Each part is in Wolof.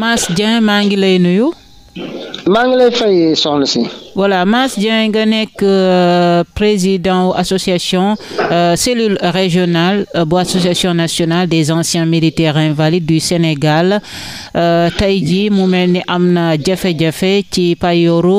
Mass Dieng maa ngi lay nuyu. maa ngi lay fay soxna si. voilà Mass Dieng nga nekk euh, président association euh, cellule régionale euh, bu association nationale des anciens militaires invalides du Sénégal tey jii mu mel ni am na jafe-jafe ci payooru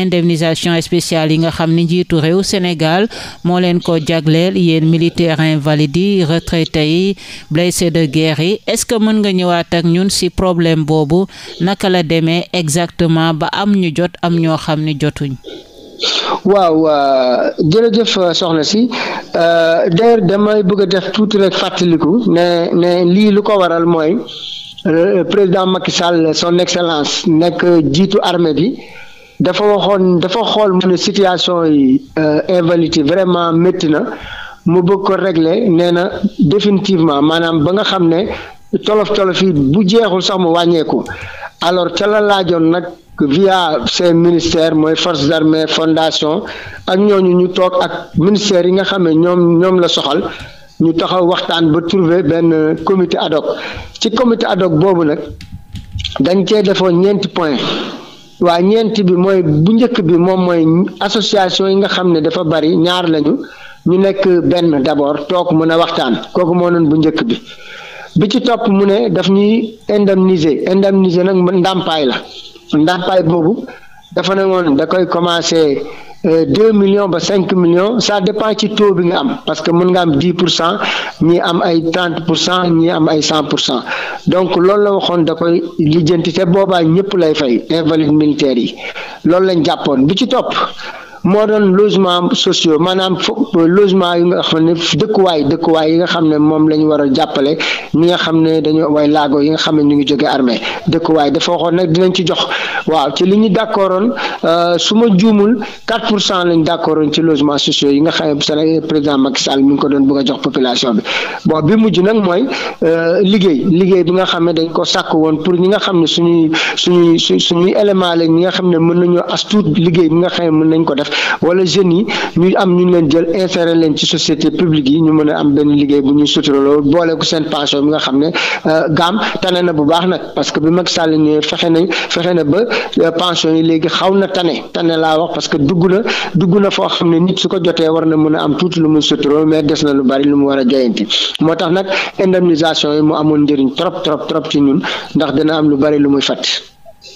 indemnisation spéciale yi nga xam ni njiitu réew Sénégal moo leen ko jagleel yéen militaires invalides yi retraités yi blessés de guerre yi est-ce que mën nga ñëwaat ak ñun si problème boobu naka la demee exactement ba am ñu jot am ñoo ñoo xam ne jotuñ. waaw jërëjëf euh, soxna si euh, d'ailleurs damay bëgg a def tuuti rek fàttaliku ne ne lii lu ko waral mooy euh, président Macky Sall son excellence nekk jiitu armée bi dafa waxoon dafa xool mu ne situation yi invalidité vraiment métti na mu bëgg ko regle nee na définitivement maanaam ba nga xam ne tolof tolof yi bu jeexul sax mu wàññeeku alors ca la laajoon nag. via seen ministère mooy forces armées fondation ak ñooñu ñu toog ak ministère yi nga xam ne ñoom ñoom la soxal ñu taxaw waxtaan ba trouver benn comité ad hoc ci comité ad hoc boobu nag dañ cee defoon ñeenti point waa ñeenti bi mooy bu njëkk bi moom mooy association yi nga xam ne dafa bari ñaar lañu ñu nekk benn d'abord toog mën a waxtaan kooku moo doon bu njëkk bi bi ci topp mu ne daf ñuy indemniser indemniser nag ndàmpaay la ndàmpaay boobu dafa ne woon da koy commencé euh, deux millions ba cinq millions ça dépend ci taux bi nga am parce que mën nga am dix pour cent ñi am ay trente pour cent ñi am ay cent pour cent donc loolu la waxoon da koy lijjanti te boobaa ñëpp lay fay invalide militaire yi loolu lañ jàppoon bi ci topp. moo doon logement sociaux maanaam euh, logement yi nga xam ne dëkkuwaay dëkkuwaay yi nga xam ne moom la ñu war a jàppale ñi nga xam ne dañoo way laago yi nga xam ne ñu ngi jóge armée dëkkuwaay dafa waxoon nag dinañ ci jox waaw ci li ñu d'accordoon euh, su ma juumul 4 pour cent lañ d'accordoon ci logements sociaux yi nga xam ne Sénégal président Macky Sall mu ngi ko doon bëgg jox population bi bo bi mujj nag mooy euh, liggéey liggéey bi nga xam ne dañ ko sàkk woon pour ñi nga xam ne suñuy suñuy su suñuy élément lañ ñi nga xam ne mën nañoo astuut liggéey bi nga xam ne mën nañ ko def wala jeunes yi ñu am ñu leen jël insérer leen ci société publique yi ñu mën a am benn liggéey bu ñuy suturaloo boole ko seen pension bi nga xam ne euh, gaam tane na bu baax nag parce que bi Macky Sall ñëwee fexe na fexe na ba Euh, pension yi léegi xaw na tane tane laa wax parce que dugg na dugg na foo xam ne nit su ko jotee war na mun a am tuuti lu muy suturoo mais des na lu bari lu mu war a jayanti moo tax nag indemnisation yi mu amoon njëriñ trop trop trop ci ñun ndax dina am lu bari lu muy fàtt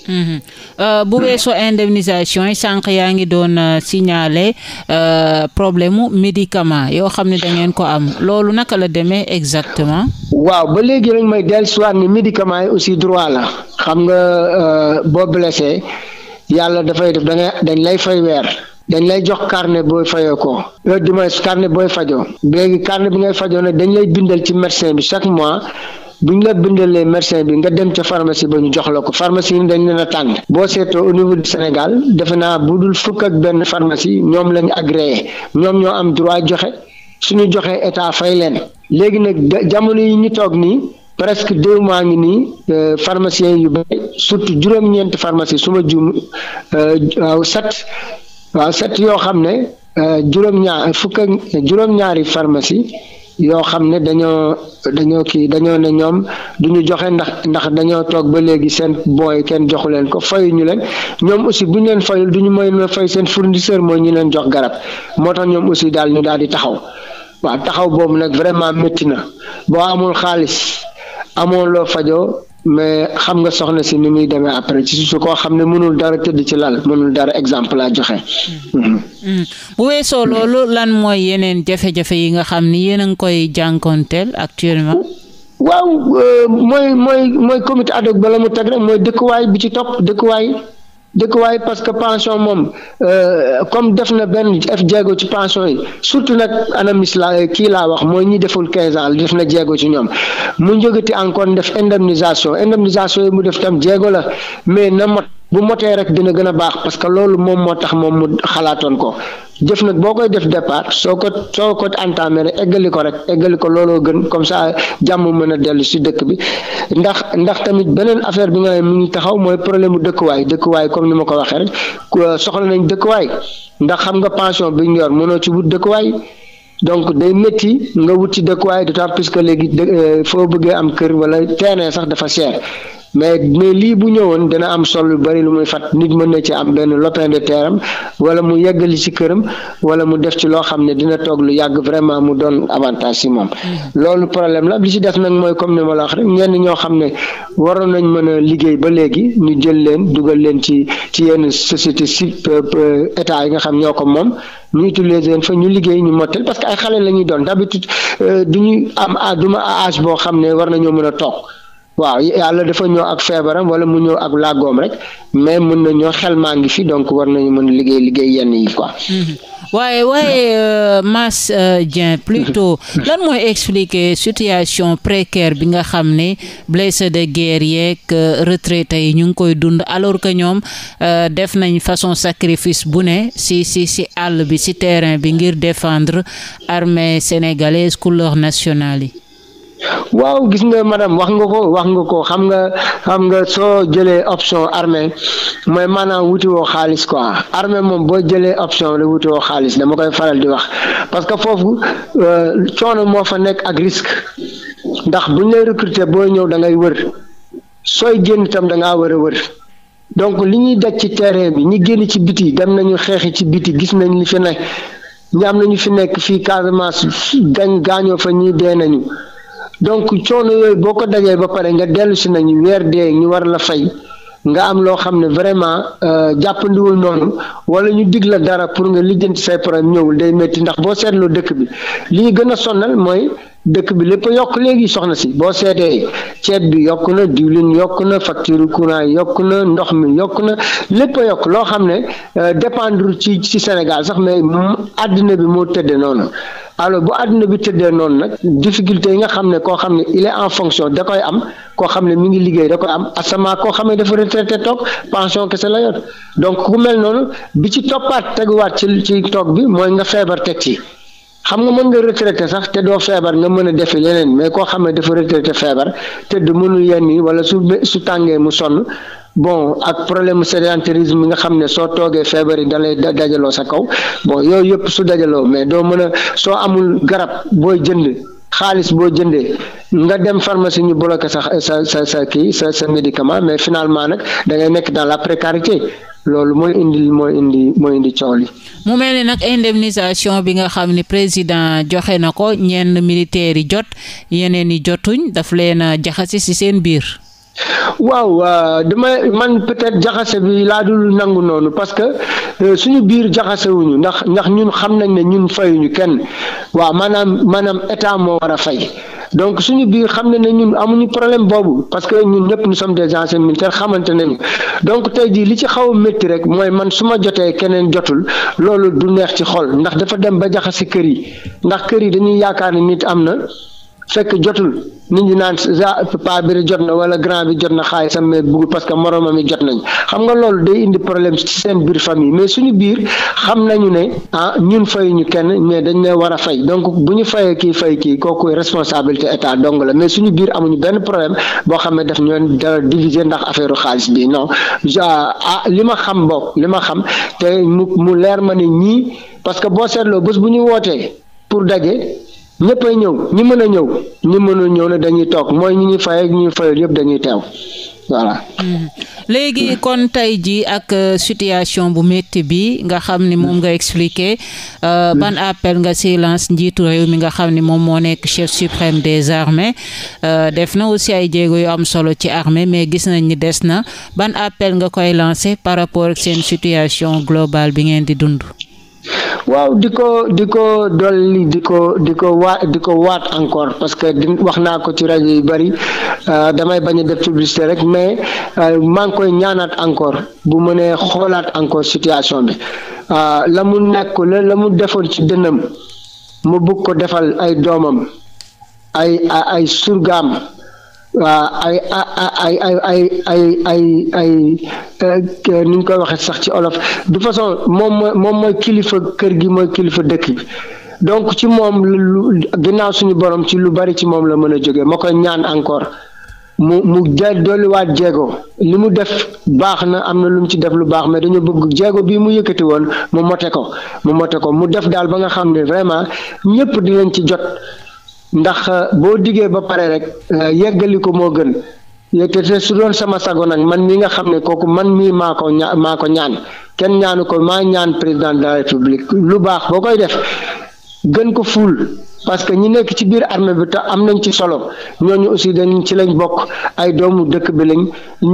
Mhm. Euh, bu weesoo indemnisation yi sànq yaa ngi doon euh, signaler euh, problème mu médicament yoo xam ne da ngeen ko am loolu naka la demee exactement. waaw ba léegi rek may dellusiwaat ni médicament yi aussi droit la xam nga boo blessé yàlla dafay def da ngay dañ lay fay weer. dañ lay jox karne booy fajoo ko heure du moins booy fajoo léegi carnet bi ngay fajoo nag dañ lay bindal ci médecin bi chaque mois bu ñu la bindalee médecin bi nga dem ca pharmacie ba ñu jox la ko pharmacie dañ leen a tàng boo seetoo au niveau du Sénégal defe naa bu dul fukk ak benn pharmacie ñoom lañu agréé ñoom ñoo am droit joxe suñu joxee état fay leen léegi nag jamono yi ñu toog nii presque deux mois ngi nii euh, pharmaciens yu bëri surtout juróom-ñeenti pharmacie su ma juum euh, waaw set waaw set yoo xam ne euh, juróom-ñaar fukk juróom-ñaari pharmacie yoo xam ne dañoo dañoo kii dañoo ne ñoom du ñu joxe ndax ndax dañoo toog ba léegi seen booy kenn joxu leen ko fayuñu leen ñoom aussi bu ñu leen fayul du ñu mën a fay seen fournisseur mooy ñu leen jox garab moo tax ñoom aussi daal ñu daal di taxaw waaw taxaw boobu nag vraiment métti na boo amul xaalis amoon loo fajoo mais xam nga soxna si ni muy demee après ci su koo xam ne mënul dara tëdd ci lal mënul dara exemple laa joxe. Mm-hmm. Mm-hmm. bu weesoo loolu lan mooy yeneen jafe-jafe yi nga xam ni yéen a ngi koy jànkoonteel actuellement. waaw euh, mooy mooy mooy comité ad bala mu teg rek mooy dëkkuwaay bi ci topp dëkkuwaay. dëkkuwaay parce que pension moom euh, comme def na benn def jéego ci pension yi surtout nag anamis la kii laa wax mooy ñi deful quinze ans def na jéego ci ñoom mu njëgati encore def indemnisation indemnisation yi mu def tam jéego la mais na mot. bu motee rek dina gën a baax parce que loolu moom moo tax moom mu xalaatoon ko jëf nag boo koy def départ soo ko soo ko entamé rek eggali ko rek eggali ko looloo gën comme ça jàmm mën a dellu si dëkk bi ndax ndax tamit beneen affaire bi nga mu ngi taxaw mooy problème mu dëkkuwaay dëkkuwaay comme ni ma ko waxee rek euh, soxla nañ dëkkuwaay ndax xam nga pension bi ñu yor mënoo ci wut dëkkuwaay. donc day métti nga wut ci dëkkuwaay d'autant plus que léegi euh, foo bëggee am kër wala terrain sax dafa cher mais mais lii bu ñëwoon dana am sol lu bari lu muy fat nit mën na ci am benn lopin de terre am wala mu yeggali ci këram wala mu def ci loo xam ne dina toog lu yàgg vraiment mu doon avantage si moom. Mm-hmm. loolu problème la li si def nag mooy comme ni ma la wax rek ñenn ñoo xam ne waroon nañ mën a liggéey ba léegi ñu jël leen dugal leen ci ci yenn société si euh, euh, état yi nga xam ñoo ko moom. ñu utiliser leen fa ñu liggéey ñu mottal parce que ay xale la ñuy doon d'habitude euh, du ñu am ah du ma ah, âge boo xam ne war nañoo mën a toog. waaw yàlla dafa ñëw ak feebaram wala mu ñëw ak làggoom rek mais mun na ñoo xel maa ngi fi donc war nañu mën liggéey liggéey yenn yi quoi. Mhm. waaye waaye euh, Mass euh, Dieng plutôt mhm. lan mooy expliquer situation précaire bi nga xam ne blessé de guerre yeeg euh, retraité yi ñu ngi koy dund alors que ñoom def nañu façon sacrifice bu ne si si si àll bi si terrain bi ngir défendre armée sénégalaise couleur nationale yi. waaw gis nga madame wax nga ko wax nga ko xam nga xam nga soo jëlee option armée mooy maanaam wuti woo xaalis quoi armée moom boo jëlee option la wuti woo xaalis dama koy faral di wax parce que foofu euh, coono moo fa nekk ak risque ndax buñ lay recruter boo ñëw da ngay wër sooy génn itam da ngaa war a wër donc li ñuy deg ci terrain bi ñu génn ci biti dem nañu xeexi ci biti gis nañ li fi nekk ñi nañu fi nekk fii Casamance gañ gaañoo fa ñii dee nañu. donc coono yooyu boo ko dajee ba pare nga dellusi si nañu weer de ñu war la fay nga am loo xam ne vraiment euh, jàppandiwul noonu wala ñu dig la dara pour nga lijjanti say problème ñëwul day métti ndax boo seetloo dëkk bi lii gën a sonnal mooy dëkk bi lépp yokk léegi soxna si boo seetee ceeb bi yokk na diwlin yokk na facture courant yokk na ndox mi yokk na lépp a yokk loo xam ne euh, dépendre ci ci Sénégal sax mais àddina bi moo tëdde noonu alors bu àdduna bi tëddee noonu nag difficulté yi nga xam ne koo xam ne il est en fonction da koy am koo xam ne mi ngi liggéey da koy am asama koo xam ne dafa retraité toog pension kese la yor donc ku mel noonu bi ci toppaat teguwaat ci ci toog bi mooy nga feebar teg ci xam nga mën nga retraité sax te doo feebar nga mën a defi leneen mais koo xam ne dafa retraité feebar tëdd mënul yenn yi wala su su tàngee mu sonn bon ak problème sédentarisme bi nga xam ne soo toogee feebar yi da lay dajaloo sa kaw bon yooyu yëpp su dajaloo mais doo mën a soo amul garab booy jënd xaalis boo jëndee nga dem pharmacie ñu bloqué sa sa sa sa kii sa sa médicament mais finalement nag da ngay nekk dans la précarité loolu mooy indi mooy indi mooy indi coow li. mu mel ni nag indemnisation bi nga xam ni président joxe na ko ñenn militaires yi jot yeneen yi jotuñ daf leen a jaxase ci seen biir. waaw euh, dama man peut jaxase bi laa dul nangu noonu parce que euh, suñu biir jaxasewuñu ndax ndax ñun xam nañ ne ñun fayuñu kenn waaw maanaam maanaam état moo war a fay donc suñu biir xam nañ ne ñun amuñu problème boobu parce que ñun ñëpp nous sommes des anciens militaires xamante nañu donc tey jii li ci xaw a métti rek mooy man su ma jotee keneen jotul loolu du neex ci xol ndax dafa dem ba jaxase kër yi ndax kër yi dañuy yaakaar ne nit am na. fekk jotul nit ñi naan pa bi jot na wala grand bi jot na xaalisam mais bugul parce que moroomam mi jot nañ xam nga loolu day indi problème ci seen biir famille mais suñu biir xam nañu ne ah ñun fayuñu kenn mais dañ ne war a fay donc bu ñu fayee kii fay kii kooku responsabilité état dong la mais suñu biir amuñu benn problème boo xam ne daf ñoon da diviser ndax affaire xaalis bi non ah li ma xam bokk li ma xam te mu mu leer ma ne ñii parce que boo seetloo bés bu ñu wootee pour daje. ñëppay ñëw ñu mën a ñëw ñi mënul ñëw ne dañuy toog mooy ñu ñuy fay ak ñi ñuy fayal dañuy teew mm-hmm. léegi kon tey jii ak euh, situation bu metti bi nga xam ni moom nga expliqué euh, mm-hmm. ban appel nga si lance njiitu réew mi nga xam ni moom moo nekk chef suprême des armées euh, def na aussi ay jéego yu am solo ci armée mais gis nañ ni des na ban appel nga koy lancé par rapport ak seen situation globale bi ngeen di dund. waaw di ko di ko dolli di ko di ko waat ko waat encore parce que di wax naa ko ci rajo yu bëri euh, damay bañ a def publicité rek mais euh, maa ngi koy ñaanaat encore bu mënee xoolaat encore situation bi euh, la mu nekk la la mu defoon ci dënnam mu bugg ko defal ay doomam ay ay surgaam. ay ay ay ay ay ay ay ni koy waxee sax ci olof du façon moom mooy moom mooy kilifa kër gi mooy kilifa dëkk bi donc ci moom lu ginnaaw suñu borom ci lu bari ci moom la mën a jógee moo koy ñaan encore mu mu ja dolliwaat jéego li mu def baax na am na lu mu ci def lu baax mais dañu bëgg jéego bii mu yëkkati woon mu mote ko mu mote ko mu def daal ba nga xam ne vraiment ñëpp dinañ ci jot. ndax euh, boo diggee ba pare rek euh, yeggali ko moo gën te su doon sama sago nag man mii nga xam ne kooku man mii maa ko ña maa ñaan kenn ñaanu ko maa ñaan président de la république lu baax boo koy def gën ko fuul parce que ñi nekk ci biir armée bi te am nañ ci solo ñooñu aussi dañ ci lañ bokk ay doomu dëkk bi lañ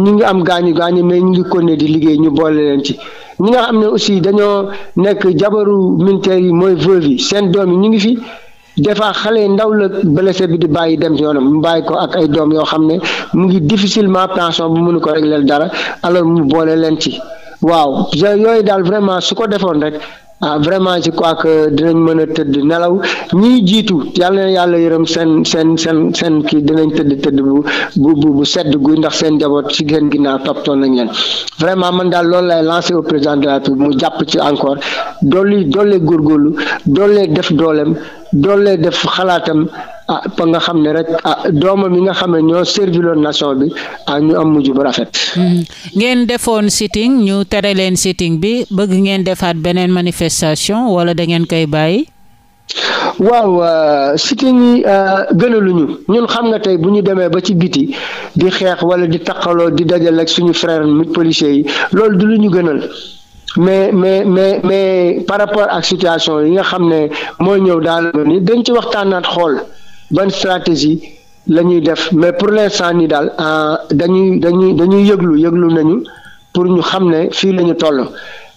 ñi ngi am gaañu gaañu mais ñu ngi konne di liggéey ñu boole leen ci ñi nga xam ne aussi dañoo nekk jabaru militaire yi mooy veuve yi seen doom yi ñu ngi fi. des xale yi ndaw la blessé bi di bàyyi dem si yoonam mu bàyyi ko ak ay doom yoo xam ne mu ngi difficilement pension bu mënu ko régler dara alors mu boole leen ci waaw yooyu daal vraiment su ko defoon rek ah vraiment je crois que dinañ mën a tëdd nelaw ñiy jiitu yàlla na yàlla yërëm seen seen seen seen kii dinañ tëdd tëdd bu bu bu sedd guy ndax seen njaboot ci gën ginnaaw toptoon nañ leen vraiment man daal loolu lay lancé au président de la République mu jàpp ci encore góor dolli góorgóorlu dolli def dooleem dolli def xalaatam. ah ba nga xam ne rek ah doomam yi nga xam ne ñoo serviloon nation bi ak ah, ñu am mujj bu rafet. Mm-hmm. ngeen defoon sitting ñu tere leen sitting bi bëgg ngeen defaat beneen manifestation wala da ngeen koy bàyyi. waaw ah, sitting yi ah, gënaluñu ñun xam nga tey bu ñu demee ba ci biti di xeex wala di taqaloo di dajal ak suñu frère mi yi loolu du lu ñu gënal. mais mais mais mais par rapport ak situation yi nga xam ne moo ñëw daal ni dañ ci waxtaanaat xool. ban stratégie la ñuy def mais pour l'instant ni daal ah, dañuy dañuy dañuy yëglu yëglu nañu pour ñu xam ne fii la ñu toll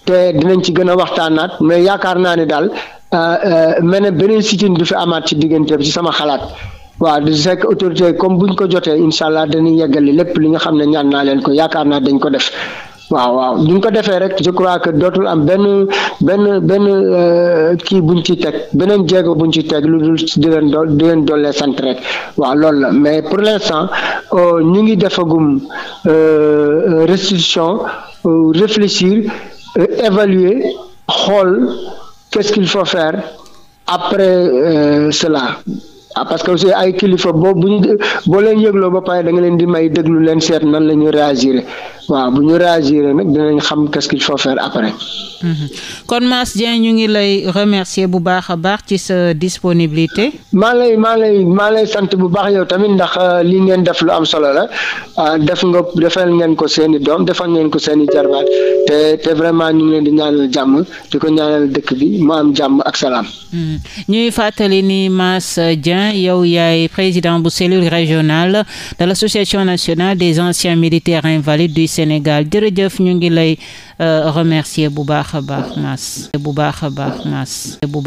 te dinañ ci gën a waxtaanaat mais yaakaar naa ne daal ah, ah, mel ne beneen sitin du fi amaat ci digganteem ci sama xalaat waaw di fekk autorité comme buñ ko jotee incha allah dañuy yeggali lépp li nga xam ne ñaan naa leen ko yaakaar naa dañ ko def waaw waaw duñ ko defee rek je crois que dootul am benn benn benn euh, kii buñ ci teg beneen jéego buñ ci teg lu dul di leen do di leen dollee rek waaw loolu la mais pour l'instant euh, ñu ngi defagum euh, restitution réfléchir évaluer xool qu'est-ce qu'il faut faire après cela ah parce que aussi ay kilifa boo bu ñu boo leen yëgloo ba pare da leen di may déglu leen seet nan la ñuy waaw bu ñu réagir nag dinañ xam qu'est-ce qu'il faut faire après. Mhm. kon Mass Dieng ñu ngi lay remercier bu baax a baax ci sa disponibilité. maa lay maa lay maa lay sant bu baax yow tamit ndax euh, li ngeen def lu am solo la ah, def nga defal ngeen ko seen i doom defal ngeen ko seen i jarbaat te te vraiment ñu ngi leen di ñaanal jàmm di ko ñaanal dëkk bi mu am jàmm ak salaam. Mhm. Dieng yow yaay président bu cellule régionale de l'association nationale des anciens militaires invalides du Sénégal jërëjëf ñu ngi lay euh, remercier bu baax a baax Mass a